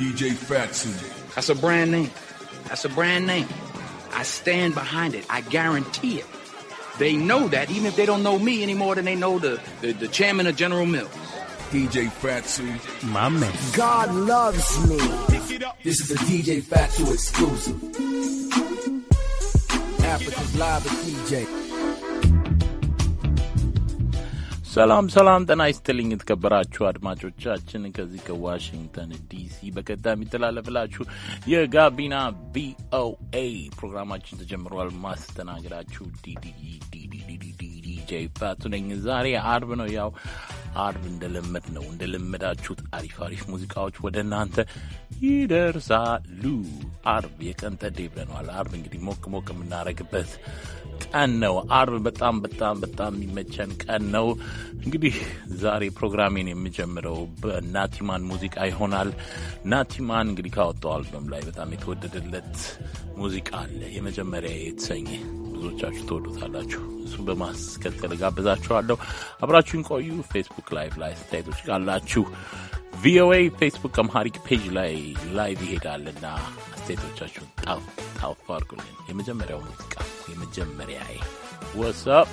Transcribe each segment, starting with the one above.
DJ Fatsu. That's a brand name. That's a brand name. I stand behind it. I guarantee it. They know that, even if they don't know me any more than they know the, the, the chairman of General Mills. DJ Fatsu. My man. God loves me. This is a DJ Fatsu exclusive. Africa's Live with DJ. ሰላም ሰላም፣ ጤና ይስጥልኝ የተከበራችሁ አድማጮቻችን ከዚህ ከዋሽንግተን ዲሲ በቀጥታ የሚተላለፍላችሁ የጋቢና ቪኦኤ ፕሮግራማችን ተጀምሯል። ማስተናገዳችሁ ዲዲዲዲዲዲዲጄ ፓቱ ነኝ። ዛሬ አርብ ነው። ያው አርብ እንደለመድ ነው እንደለመዳችሁት አሪፍ አሪፍ ሙዚቃዎች ወደ እናንተ ይደርሳሉ። አርብ የቀን ጠዴ ብለነዋል። አርብ እንግዲህ ሞቅ ሞቅ የምናደርግበት ቀን ነው። አርብ በጣም በጣም በጣም የሚመቸን ቀን ነው። እንግዲህ ዛሬ ፕሮግራሜን የምጀምረው በናቲማን ሙዚቃ ይሆናል። ናቲማን እንግዲህ ካወጣው አልበም ላይ በጣም የተወደደለት ሙዚቃ አለ፣ የመጀመሪያ የተሰኘ ብዙዎቻችሁ ትወዱታላችሁ። እሱ በማስከተል ጋብዛችኋለሁ። አብራችሁን ቆዩ። ፌስቡክ ላይቭ ላይ አስተያየቶች ካላችሁ ቪኦኤ ፌስቡክ አምሃሪክ ፔጅ ላይ ላይቭ ይሄዳልና አስተያየቶቻችሁን ጣፍ ጣፍ አድርጉልን። የመጀመሪያው ሙዚቃ የመጀመሪያ ይ ወሳብ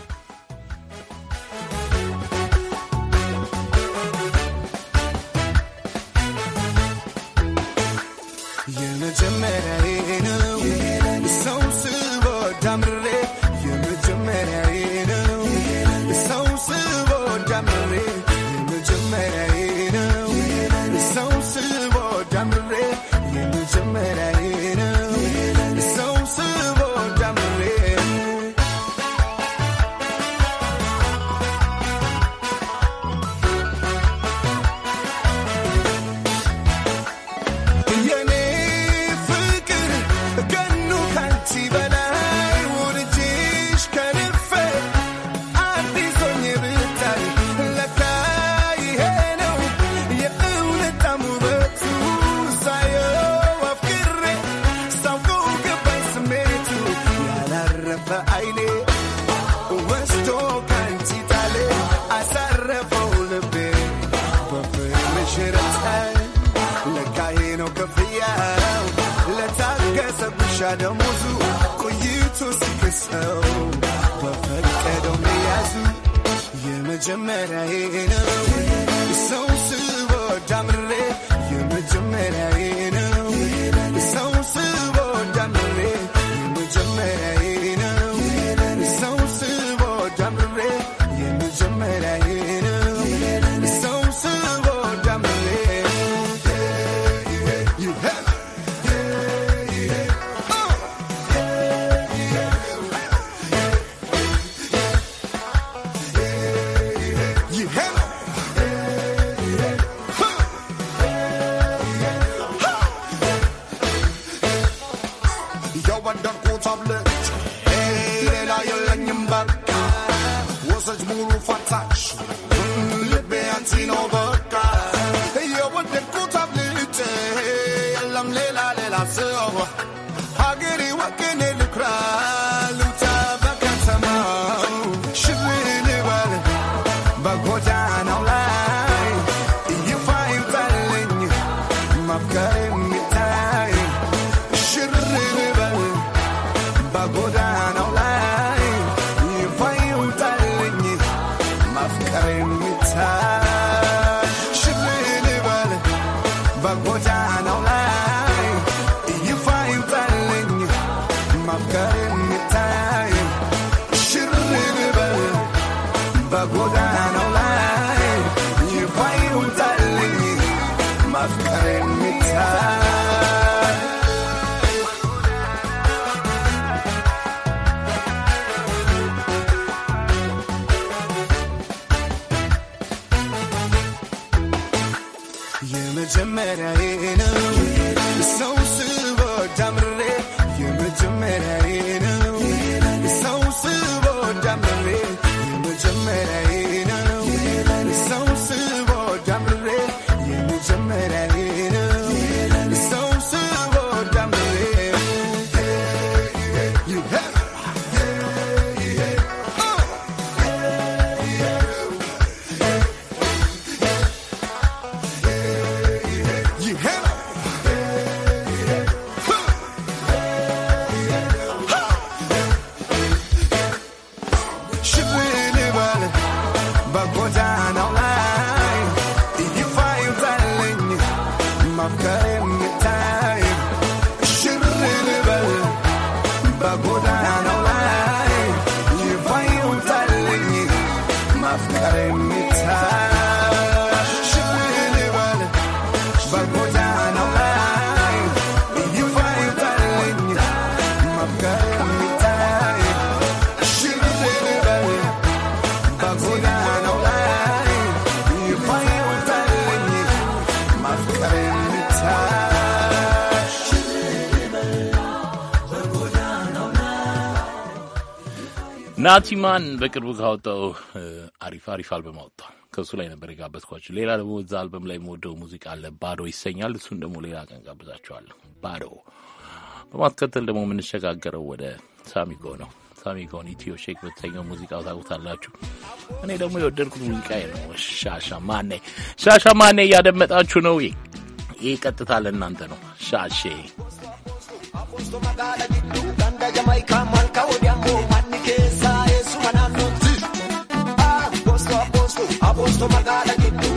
ናቲማን በቅርቡ ካወጣው አሪፍ አሪፍ አልበም አወጥቷል። ከእሱ ላይ ነበር የጋበዝኳቸው። ሌላ ደግሞ እዛ አልበም ላይ የምወደው ሙዚቃ አለ፣ ባዶ ይሰኛል። እሱን ደግሞ ሌላ ቀን ጋብዛቸዋለሁ። ባዶ በማስከተል ደግሞ የምንሸጋገረው ወደ ሳሚጎ ነው። ሳሚጎን ኢትዮ ሼክ በተሰኘው ሙዚቃ ታውቁታላችሁ። እኔ ደግሞ የወደድኩት ሙዚቃ ነው ሻሻ ማኔ። ሻሻ ማኔ እያደመጣችሁ ነው። ይህ ቀጥታ ለእናንተ ነው። ሻሼ tomar my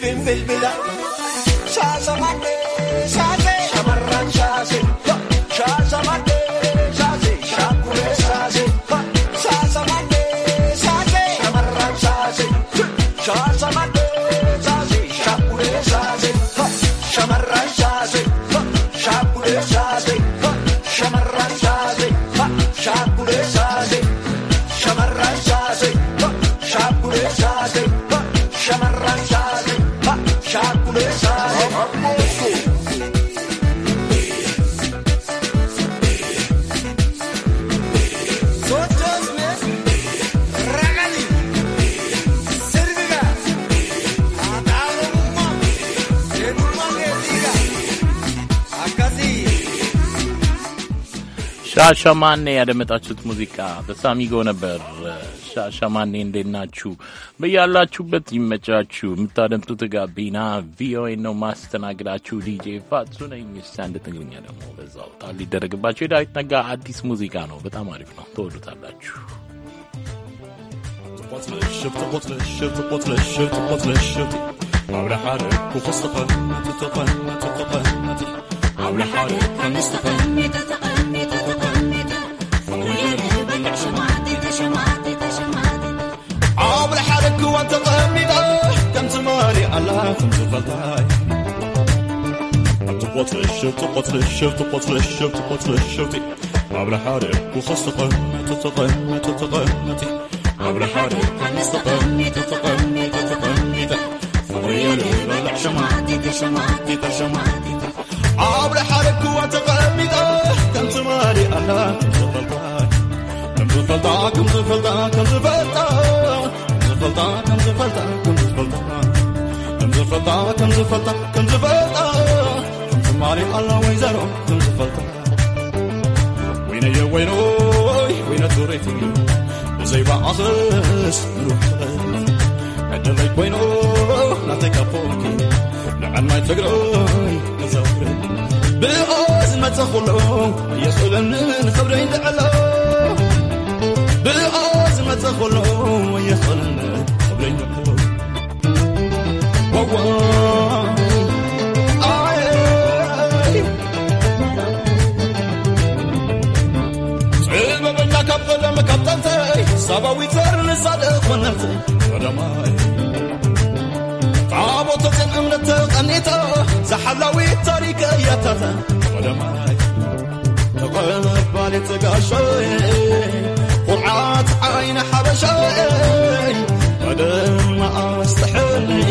living, baby, love. Child of my baby. ሻሻማኔ ያደመጣችሁት ሙዚቃ በሳሚጎ ነበር። ሻሻማኔ እንዴት ናችሁ? በያላችሁበት ይመቻችሁ። የምታደምጡት ጋቢና ቪኦኤ ነው። ማስተናግዳችሁ ዲጄ ፋጹ ነኝ። አንድ ትግርኛ ደግሞ በዛው ታ ሊደረግባቸው የዳዊት ነጋ አዲስ ሙዚቃ ነው። በጣም አሪፍ ነው፣ ተወዱታላችሁ። አብረሓረ ክኹስኸን ትኸን ትኸን አብረሓረ الله خمس فلتاي تبطل الشبت تبطل الشبت تبطل الشبت تبطل الشبت عبر حارب وخصقة تتقم تتقم عبر حارب مستقم تتقم تتقم فضي ليلة لعشماتي تشماتي تشماتي عبر حارب وتقم تمتمالي الله خمس فلتاي تمتمالي الله خمس فلتاي تمتمالي الله خمس فلتاي تمتمالي الله خمس فلتاي زفلطة كم زفلطة كم زفلطة كم عليك الله وين زارهم كم زفلطة وين يا وين وي وين توريتني وزي بعصرس نروح هذا ليك وين نعطيك فوقي لعن ما تقرأي نزفر بغاز ما تخلو يسألن خبرين دعلا بغاز ما تخلو يسألن الهوى ጽልምብና ከበለ መከተልተ ሰብኣዊ ዘርን ሳደ ኮነልተ ረማይ ታቦተትን እምነተ ቀኒተ ዝሓላዊ ታሪከ እያታተ ወደማይ ተቐመባሌ ትጋሸየ ቁልዓት ዓይነ ሓበሻየ ቀደም መኣስተሐለይ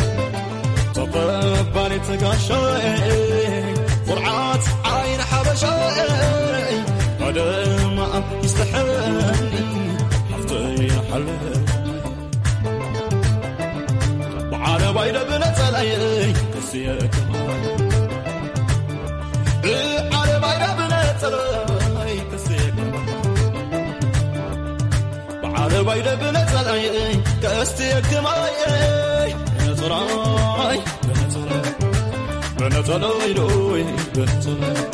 طباني تقاشاي برعات عين حبشاي هذا ما يستحيل حفظي حلي بعد بايد بنت علي كسيك على بايد بنت علي كسيك بعد بايد بنت علي كسيك ماي نظراي بنطلوي لوي بنطلع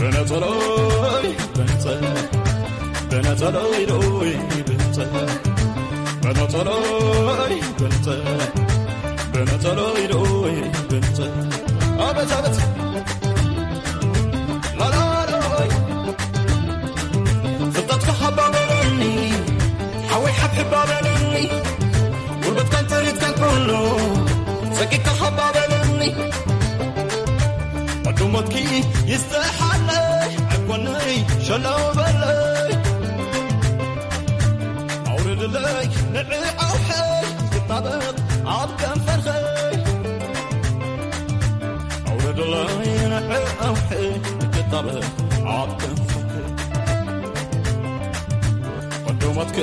بنطلوي بنطلع بنطلوي لوي بنطلع بنطلوي بنطلع بنطلوي لوي بنطلع أبت أبت لا فضتك حبة بلني حوي حب حبة بلني والبتكن تريد كان كله سكيك حبة بلني ዱሞትኪ ይስተሓለይ ዕኮነይ ሸላው በለይ ኣውርድለይ ንዕ ኣውሐይ ዝጣበቕ ኣብ ከንፈርኸይ ኣውርድለይ ንዕ ኣውሐይ ዝጣበቕ ኣብ ከንፈርኸይ قدومتك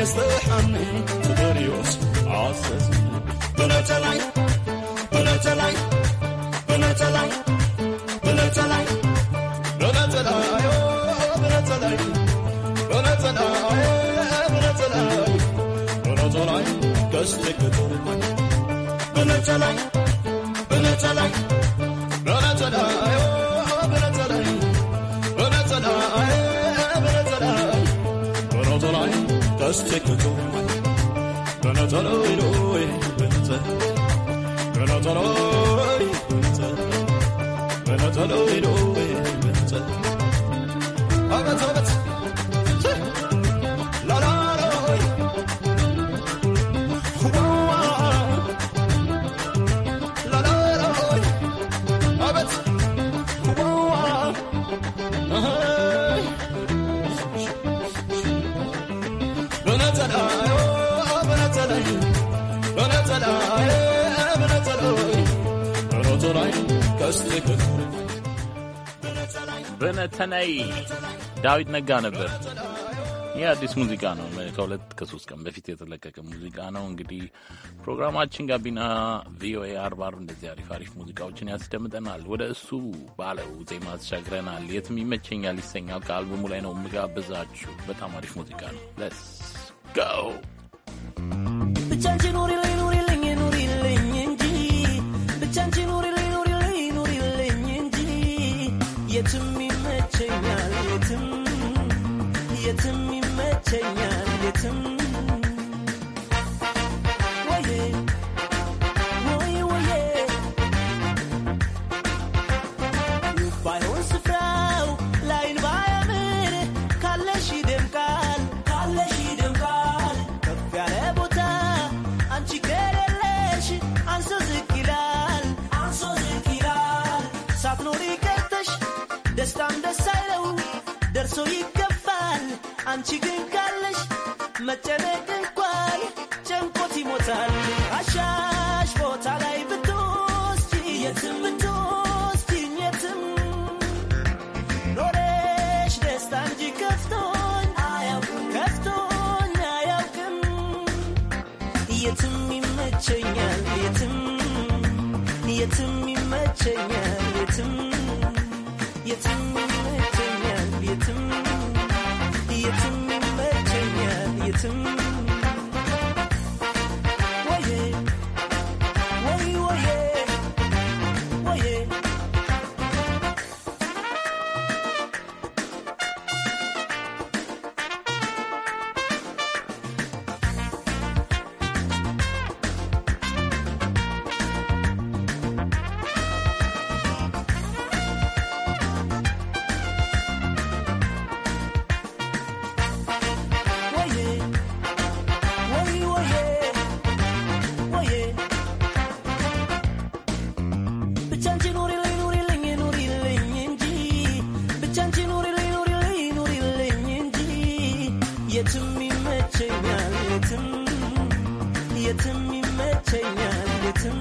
يستحني تدريوس عززني بنات العين بنات العين بنات العين Oh, a little ተነይ ዳዊት ነጋ ነበር። ይህ አዲስ ሙዚቃ ነው። ከሁለት ከሶስት ቀን በፊት የተለቀቀ ሙዚቃ ነው። እንግዲህ ፕሮግራማችን ጋቢና ቪኦኤ አርባር እንደዚህ አሪፍ አሪፍ ሙዚቃዎችን ያስደምጠናል። ወደ እሱ ባለው ዜማ ተሻግረናል። የትም ይመቸኛል ይሰኛል ከአልበሙ ላይ ነው የምጋብዛችሁ። በጣም አሪፍ ሙዚቃ ነው። ለስ ጎ ብቻንቺ ኑሪ ኑሪልኝ ኑሪልኝ እንጂ ብቻንቺ ኑሪልኝ እንጂ የትም ይመቸኛል የትም የትም ይመቸኛል የትም ከጨነቅ እንኳን ጨንቆት ይሞታል። አሻሽ ቦታ ላይ ብትወስጂ የትም ብትወስጂኝ የትም ኖሬሽ ደስታ እንጂ ከፍቶኝ ከፍቶኝ አያውቅም። የትም ይመቸኛል የትም የትም ይመቸኛል የትም የትም የትም ይመቸኛል የትም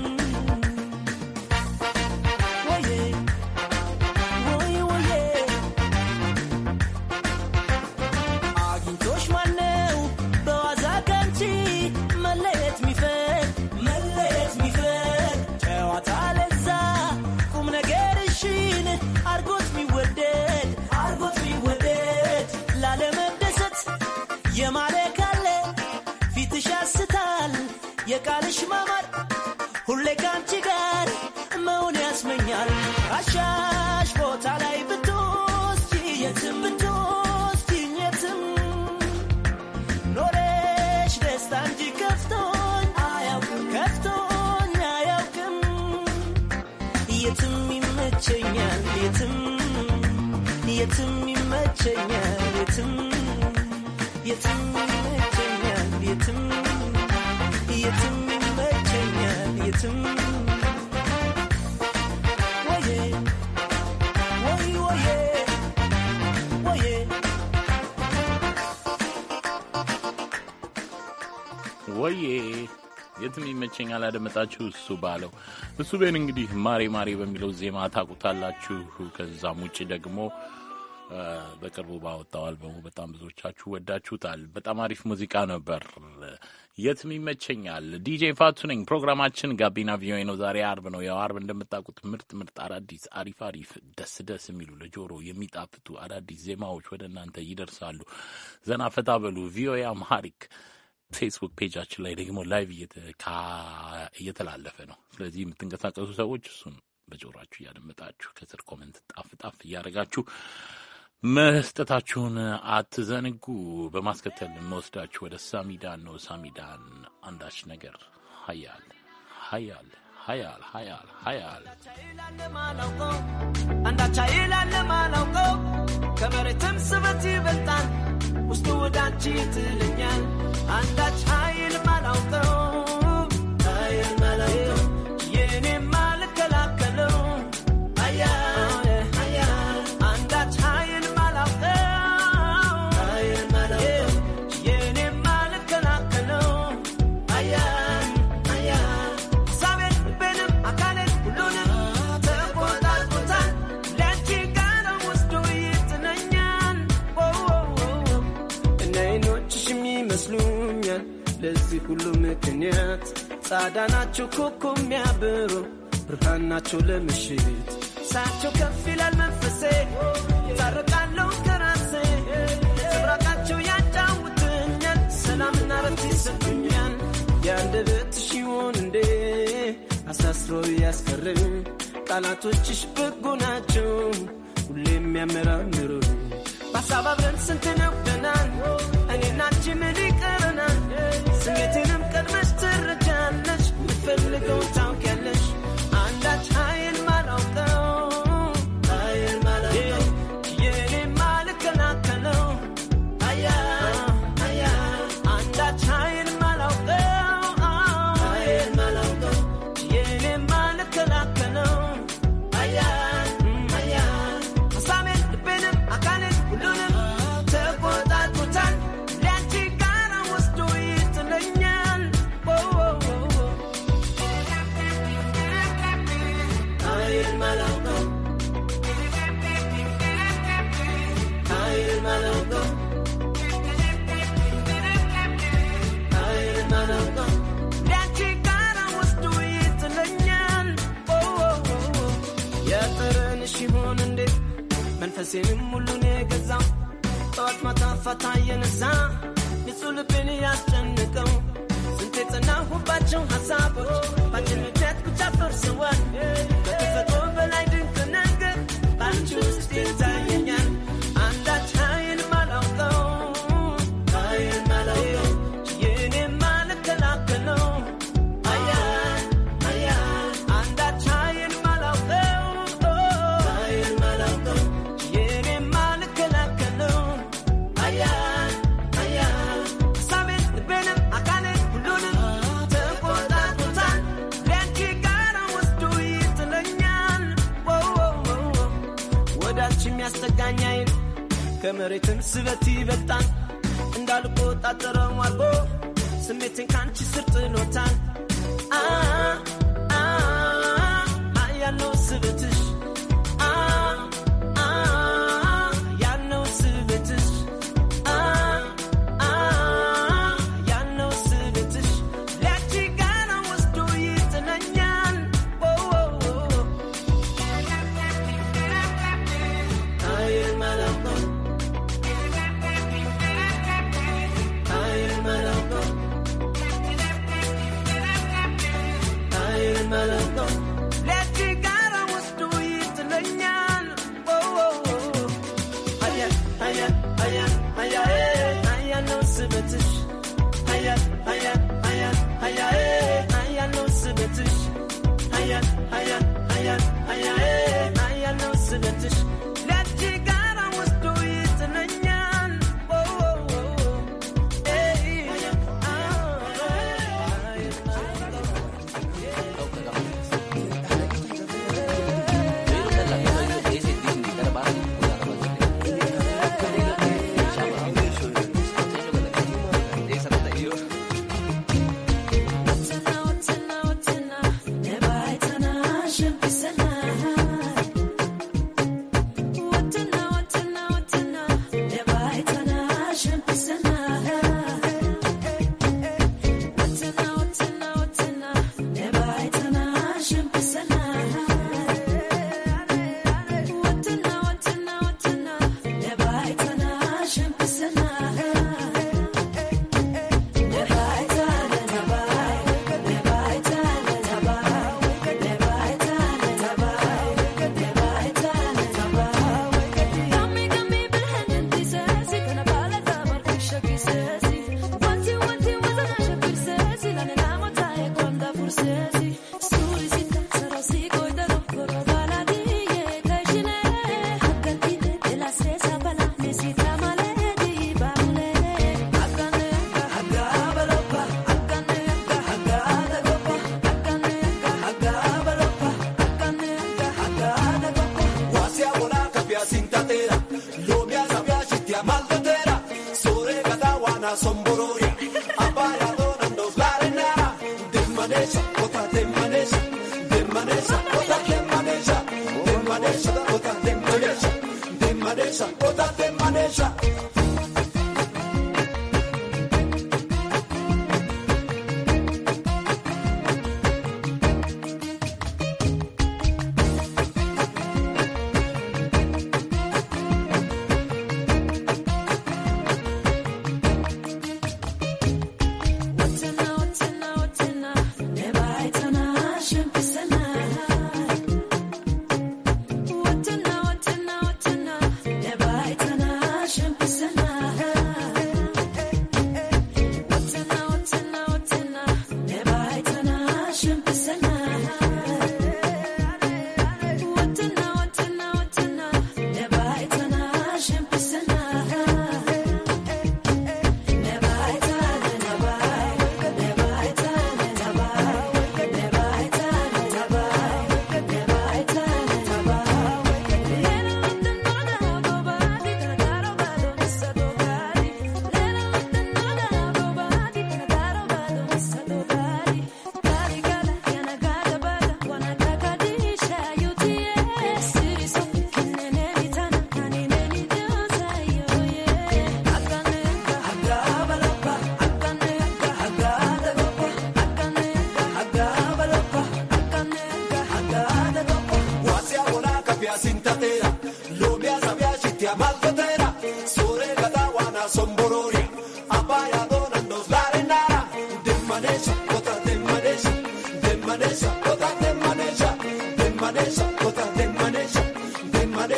የትም የትም ይመቸኛል የትም ይመቸኛል የትም ወዬ የትም ይመቸኛል ያደመጣችሁ እሱ ባለው እሱ ቤን እንግዲህ ማሬ ማሬ በሚለው ዜማ ታውቁታላችሁ። ከዛም ውጭ ደግሞ በቅርቡ ባወጣው አልበሙ በጣም ብዙዎቻችሁ ወዳችሁታል። በጣም አሪፍ ሙዚቃ ነበር። የትም ይመቸኛል። ዲጄ ፋቱ ነኝ። ፕሮግራማችን ጋቢና ቪኦኤ ነው። ዛሬ አርብ ነው። ያው አርብ እንደምታውቁት ምርጥ ምርጥ አዳዲስ አሪፍ አሪፍ ደስ ደስ የሚሉ ለጆሮ የሚጣፍቱ አዳዲስ ዜማዎች ወደ እናንተ ይደርሳሉ። ዘና ፈታ በሉ። ቪኦኤ አምሃሪክ ፌስቡክ ፔጃችን ላይ ደግሞ ላይቭ እየተላለፈ ነው። ስለዚህ የምትንቀሳቀሱ ሰዎች እሱን በጆሯችሁ እያደመጣችሁ ከስር ኮመንት ጣፍ ጣፍ እያደረጋችሁ መስጠታችሁን አትዘንጉ። በማስከተል መወስዳችሁ ወደ ሳሚዳን ነው። ሳሚዳን አንዳች ነገር ሀያል ሀያል ሀያል ሀያል ሀያል አንዳች ሀይላን ማላውቀው ከመሬትም ስበት ይበልጣል ውስጡ ወዳንቺ ትልኛል አንዳች ሀይል ማላውቀው ሁሉ ምክንያት ጻዳ ናችሁ ኮኮ የሚያብሩ ብርሃን ናችሁ ለምሽት ሳቸው ከፍ ይላል መንፈሴ ታርቃለሁ ከራሴ ስብራቃቸው ያጫውትኛል ሰላምና ረት ይሰጡኛል የአንደበትሽ ይሆን እንዴ አሳስሮ ያስፈርም ቃላቶችሽ በጎ ናቸው ሁሌ የሚያመራምሩ ባሳባብረን ስንት ነው ቀድመሽ ትረጃለሽ የምትፈልገውን ታውቂያለሽ ከመሬትም ስበት ይበልጣል እንዳልቆጣጠረው አልቦ ስሜትን ካንቺ ስር ጥሎታል ያለው ስበት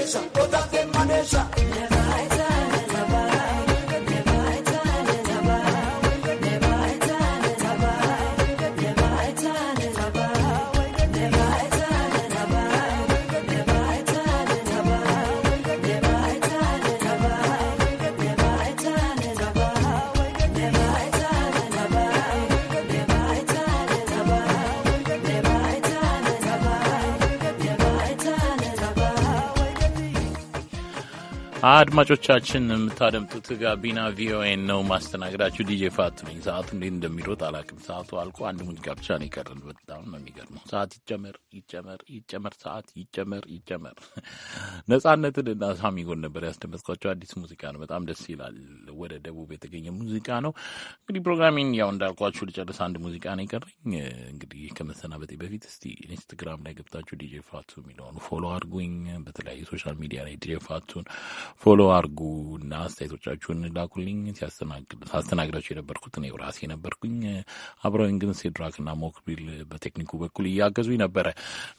o de te አድማጮቻችን የምታደምጡት ጋቢና ቪኦኤን ነው። ማስተናገዳችሁ ዲጄ ፋቱ ነኝ። ሰዓቱ እንዴት እንደሚሮጥ አላውቅም። ሰዓቱ አልቆ አንድ ሙዚቃ ብቻ ነው የቀረን። በጣም ነው የሚገርመው። ሰዓት ይጨመር ይጨመር ይጨመር፣ ሰዓት ይጨመር ይጨመር። ነጻነትን እና ሳሚጎን ነበር ያስደመጥኳቸው። አዲስ ሙዚቃ ነው፣ በጣም ደስ ይላል። ወደ ደቡብ የተገኘ ሙዚቃ ነው። እንግዲህ ፕሮግራሚን ያው እንዳልኳችሁ ልጨርስ፣ አንድ ሙዚቃ ነው የቀረኝ። እንግዲህ ከመሰናበጤ በፊት እስቲ ኢንስትግራም ላይ ገብታችሁ ዲጄ ፋቱ የሚለውን ፎሎ አድርጉኝ። በተለያዩ ሶሻል ሚዲያ ላይ ዲጄ ፋቱን ፎሎ እና አስተያየቶቻችሁን ላኩልኝ። ሳስተናግዳችሁ የነበርኩት እኔ ራሴ ነበርኩኝ። አብረውኝ ግን እና ሞክቢል በቴክኒኩ በኩል እያገዙኝ ነበረ።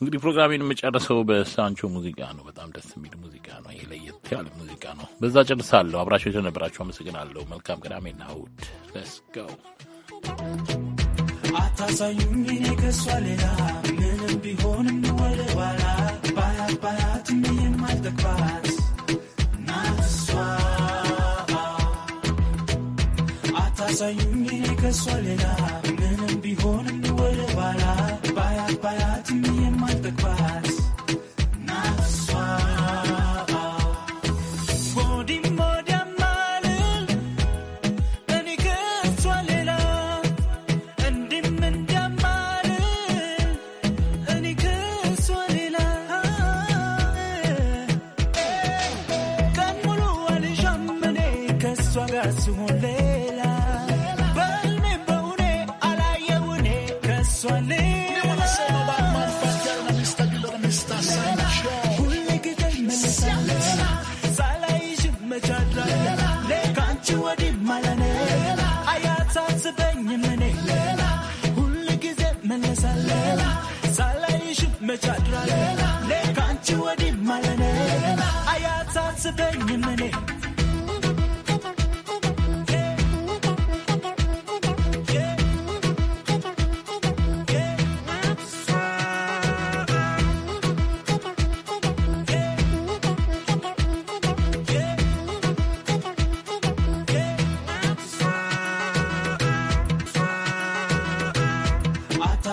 እንግዲህ ፕሮግራሜን የምጨርሰው በሳንቾ ሙዚቃ ነው። በጣም ደስ የሚል ሙዚቃ ነው። ይሄ ለየት ያለ ሙዚቃ ነው። በዛ ጨርሳለሁ። አብራችሁ አብራቸው አመሰግናለሁ። መልካም ቅዳሜና እሑድ ለስ ገው አታሳዩኝ ከሷ ሌላ ምንም ወደ ኋላ ባያባያት አሳዩኝ ከሷ ሌላ ምንም ቢሆን ወደ ኋላ ባያት ባያትም የማልጠግባት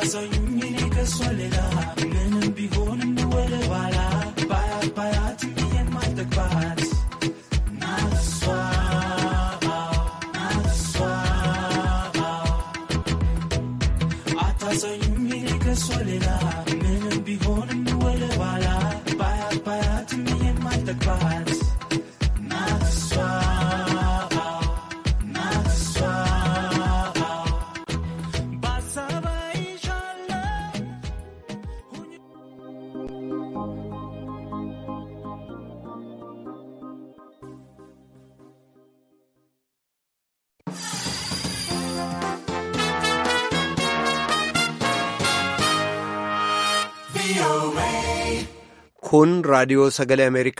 casa y un mini que soledad. Kun raadiyoo sagalee Ameerikaa